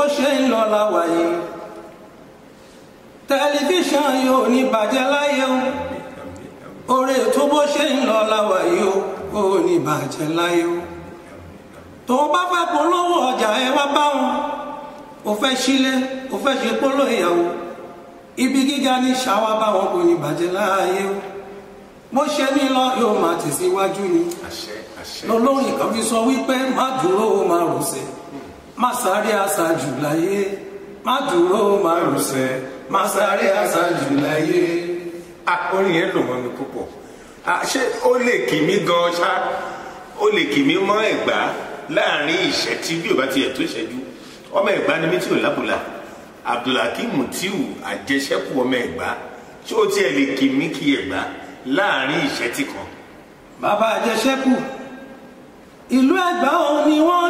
bó ṣe ń lọ la wàyí tẹlifíṣàn yóò ní bàjẹ́ láyé o oore tó bó ṣe ń lọ la wàyí o ò ní bàjẹ́ láyé o tó o bá fẹ́ polówó ọjà ẹ wá bá wọn o fẹ́ sílé o fẹ́ ṣe polo ìyàwó ibi gíga ní ṣáwá bá wọn kò ní bàjẹ́ láyé o bó ṣe ní lọ yóò máa tẹ̀síwájú ni lọ́lọ́run kan sọ wípé má dúró o máa rò sí Masari sáré aṣáájú láyé má dúró má rùsẹ̀ masari sáré aṣáájú láyé. orin yẹn lò mọ́ mi púpọ̀ ṣé ó lè kì mí gan ṣá ó lè kì mí mọ́ ẹ̀gbá láàrin ìṣẹ́tí bí ò bá tiẹ̀ tó ìṣẹ́jú ọmọ ẹ̀gbá ni mí tí ò lábùlà abdulhakeem tíù àjẹṣẹ́kù ọmọ ẹ̀gbá tí ó tiẹ̀ lè kì mí kí ẹ̀gbá láàrin ìṣẹ́tí kan. bàbá àjẹṣẹ́kù ìlú ẹ̀gbá òun ni wọ́n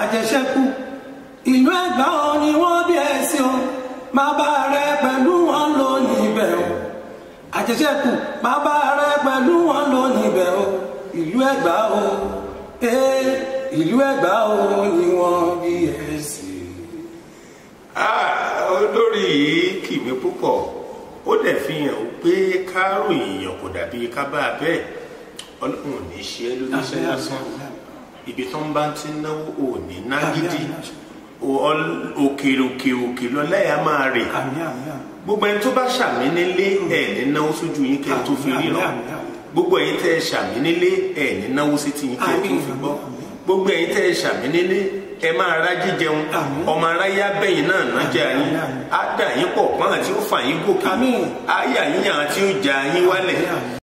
àjẹṣẹ́kù ìlú ẹ̀gbá ọ ni wọ́n bí ẹ sí o máa bá rẹ pẹ̀lú wọn lò níbẹ̀ o àjẹṣẹ́kù máa bá rẹ pẹ̀lú wọn lò níbẹ̀ o ìlú ẹ̀gbá o ee ìlú ẹ̀gbá o ni wọ́n bí ẹ sí. olórí yìí kì mí púpọ̀ ó dẹ̀ fi hàn pé ká ròyìn yàn kò dàbí ká bá a bẹ́ẹ̀ ọlọ́run ò ní ṣe é lórí iṣẹ́ lásán. ibi tó ń bá ti náwó ò ní nágídí òkèrè òkè òkè lọ́lá máa gbogbo ẹni tó bá ṣàmì nílé mm. ẹ̀ ní sójú yín kẹ́ ẹ gbogbo ẹ̀yin tẹ́ ẹ ṣàmì nílé ti yín kẹ́ ẹ gbọ́ gbogbo ẹ̀yin tẹ́ ẹ ṣàmì nílé ẹ máa ra jíjẹun ọmọ aráyá bẹ́yìn náà á dà yín pọ̀ pọ́n àti ó fà yín gòkè àti ó